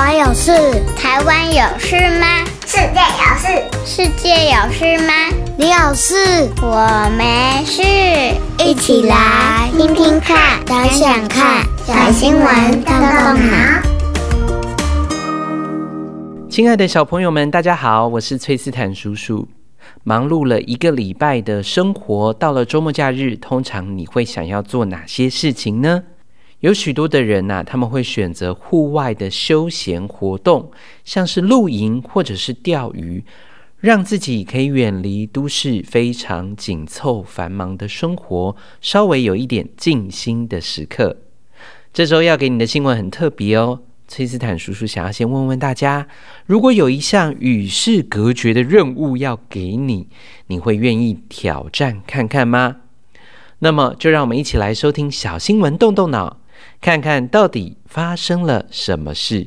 我有事，台灣有事嗎？世界有事，世界有事嗎？你有事，我沒事。一起來聽聽看，想想看，看看小新聞動動腦。親愛的小朋友們，大家好，我是崔斯坦叔叔。忙碌了一個禮拜的生活，到了週末假日，通常你會想要做哪些事情呢？有許多的人吶、啊，他們會選擇戶外的休閒活動，像是露營或者是釣魚，讓自己可以遠離都市非常緊湊繁忙的生活，稍微有一點靜心的時刻。這周要給你的新聞很特別哦，崔斯坦叔叔想要先問問大家：如果有一項與世隔絕的任務要給你，你會願意挑戰看看嗎？那麼就讓我們一起來收聽小新聞，動動腦。看看到底發生了什麼事？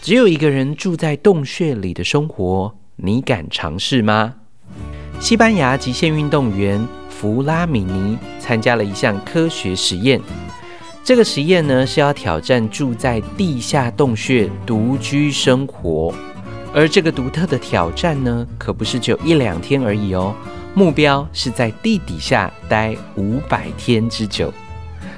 只有一個人住在洞穴裡的生活，你敢嘗試嗎？西班牙極限運動員弗拉米尼參加了一項科學實驗，這個實驗呢，是要挑戰住在地下洞穴獨居生活，而這個獨特的挑戰呢，可不是只有一兩天而已哦。目標是在地底下待五百天之久，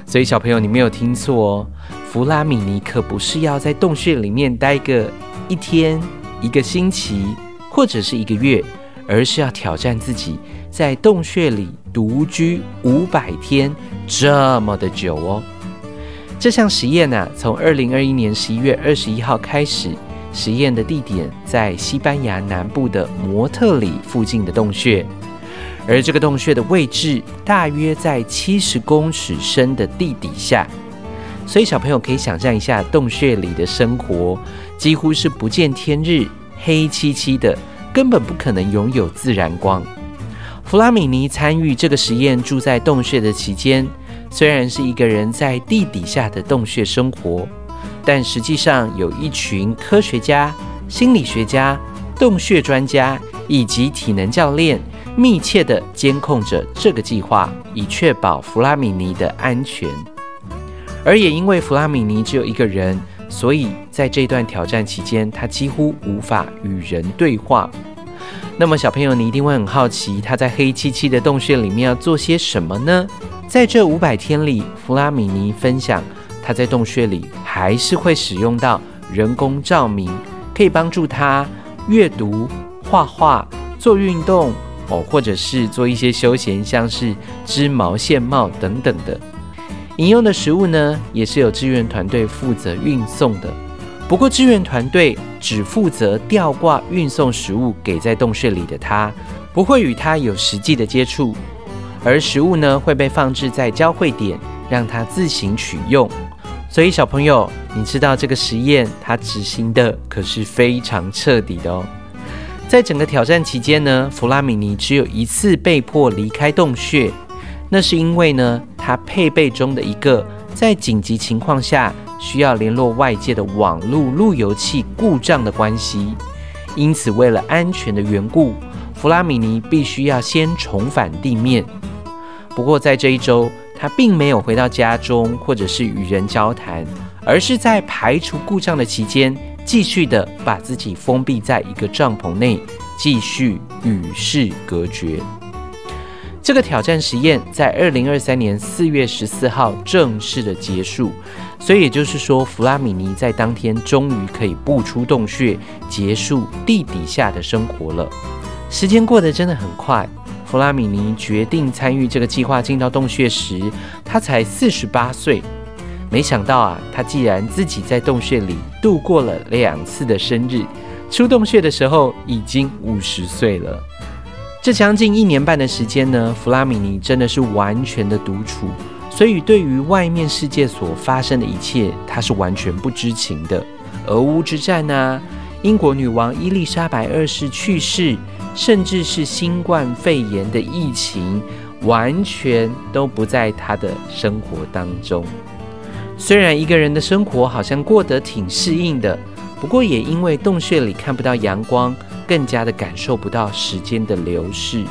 所以小朋友，你沒有聽錯哦。弗拉米尼可不是要在洞穴裡面待個一天、一個星期或者是一個月，而是要挑戰自己在洞穴裡獨居五百天這麼的久哦。這項實驗呢，從二零二一年十一月二十一號開始，實驗的地點在西班牙南部的模特里附近的洞穴。而這個洞穴的位置大約在七十公尺深的地底下，所以小朋友可以想象一下，洞穴裡的生活幾乎是不見天日，黑漆漆的，根本不可能擁有自然光。弗拉米尼參與這個實驗住在洞穴的期間，雖然是一個人在地底下的洞穴生活，但實際上有一群科學家、心理學家、洞穴專家以及體能教練。密切地監控着這個計劃，以確保弗拉米尼的安全。而也因為弗拉米尼只有一個人，所以在這一段挑戰期間，他幾乎無法與人對話。那麼，小朋友，你一定會很好奇，他在黑漆漆的洞穴裡面要做些什麼呢？在這五百天裡，弗拉米尼分享，他在洞穴裡還是會使用到人工照明，可以幫助他閱讀、畫畫、做運動。哦，或者是做一些休閒，像是織毛線帽等等的。飲用的食物呢，也是由志願團隊負責運送的。不過，志願團隊只負責吊掛運送食物給在洞穴裡的他，不會與他有實際的接觸。而食物呢，會被放置在交匯點，讓他自行取用。所以，小朋友，你知道這個實驗，它執行的可是非常徹底的哦。在整個挑戰期間呢，弗拉米尼只有一次被迫離開洞穴，那是因為呢，他配備中的一個在緊急情況下需要聯絡外界的網絡路由器故障的關係，因此為了安全的緣故，弗拉米尼必須要先重返地面。不過在這一周，他並沒有回到家中或者是與人交談，而是在排除故障的期間，繼續的把自己封閉在一個帳篷內，繼續與世隔絕。這個挑戰實驗在二零二三年四月十四號正式的結束，所以也就是說，弗拉米尼在當天終於可以步出洞穴，結束地底下的生活了。時間過得真的很快，弗拉米尼決定參與這個計劃，進到洞穴時，他才四十八歲。沒想到啊，他既然自己在洞穴裡。度過了兩次的生日，出洞穴的時候已經五十歲了。這將近一年半的時間呢，弗拉米尼真的是完全的獨處，所以對於外面世界所發生的一切，他是完全不知情的。俄烏之戰呢、啊，英國女王伊麗莎白二世去世，甚至是新冠肺炎的疫情，完全都不在他的生活當中。雖然一個人的生活好像過得挺適應的，不過也因為洞穴裡看不到陽光，更加的感受不到時間的流逝。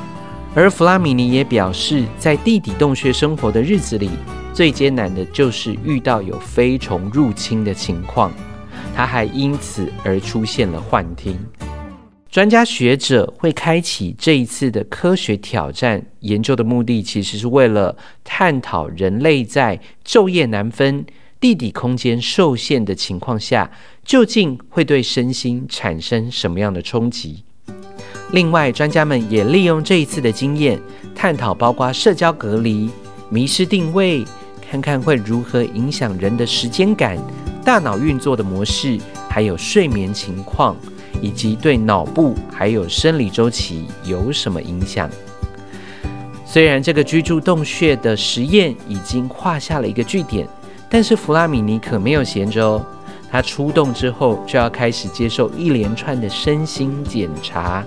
而弗拉米尼也表示，在地底洞穴生活的日子裡，最艱難的就是遇到有飛蟲入侵的情況，他還因此而出現了幻聽。專家學者會開啟這一次的科學挑戰，研究的目的其實是為了探討人類在晝夜難分、地底空間受限的情況下，究竟會對身心產生什麼樣的衝擊。另外，專家們也利用這一次的經驗，探討包括社交隔離、迷失定位，看看會如何影響人的時間感、大腦運作的模式，還有睡眠情況。以及對腦部還有生理週期有什麼影響？雖然這個居住洞穴的實驗已經畫下了一個句點，但是弗拉米尼可沒有閒着哦。他出洞之後就要開始接受一連串的身心檢查。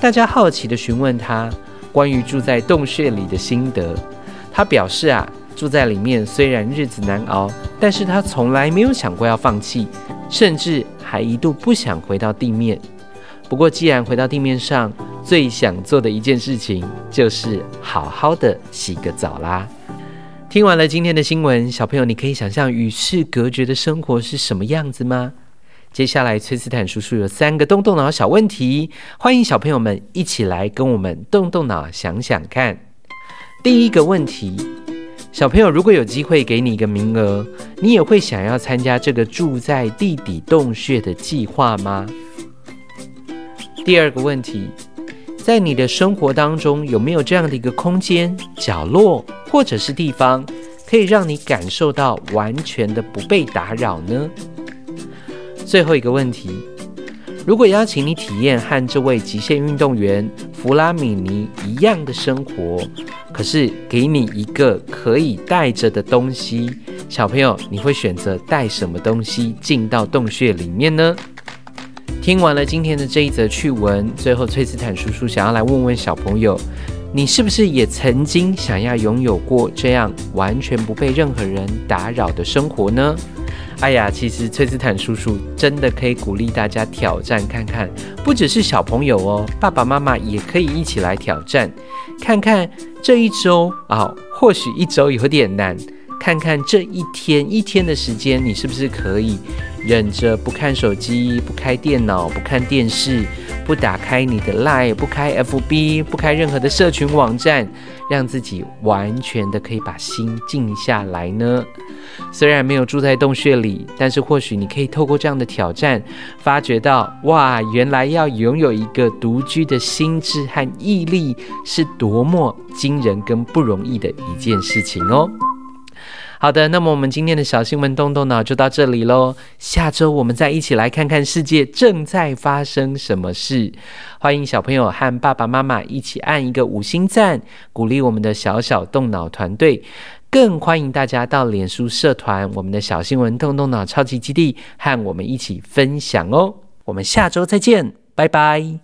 大家好奇地詢問他關於住在洞穴裡的心得，他表示啊，住在裡面雖然日子難熬，但是他從來沒有想過要放棄。甚至還一度不想回到地面。不過，既然回到地面上，最想做的一件事情就是好好的洗個澡啦。聽完了今天的新聞，小朋友，你可以想象與世隔絕的生活是什麼樣子嗎？接下來，崔斯坦叔叔有三個動動腦小問題，歡迎小朋友們一起來跟我們動動腦，想想看。第一個問題，小朋友，如果有機會給你一個名額，你也會想要參加這個住在地底洞穴的計劃嗎？第二個問題，在你的生活當中有沒有這樣的一個空間、角落或者是地方，可以讓你感受到完全的不被打擾呢？最後一個問題，如果邀請你體驗和這位極限運動員弗拉米尼一樣的生活，可是給你一個可以帶着的東西，小朋友，你會選擇帶什麼東西進到洞穴裡面呢？聽完了今天的這一則趣聞，最後崔斯坦叔叔想要來問問小朋友，你是不是也曾經想要擁有過這樣完全不被任何人打擾的生活呢？哎呀，其實崔斯坦叔叔真的可以鼓勵大家挑戰看看，不只是小朋友哦，爸爸媽媽也可以一起來挑戰，看看這一周啊、哦，或許一周有點難，看看這一天一天的時間，你是不是可以忍着不看手機、不開電腦、不看電視。不打開你的 Line，不開 FB，不開任何的社群網站，讓自己完全的可以把心靜下來呢。雖然沒有住在洞穴裡，但是或許你可以透過這樣的挑戰，發覺到哇，原來要擁有一個獨居的心智和毅力，是多麼驚人跟不容易的一件事情哦。好的，那麼我們今天的小新聞動動腦就到這裡嘍。下周我們再一起來看看世界正在發生什麼事。歡迎小朋友和爸爸媽媽一起按一個五星讚，鼓勵我們的小小動腦團隊。更歡迎大家到臉書社團“我們的小新聞動動腦超級基地”和我們一起分享哦。我們下周再見，拜拜。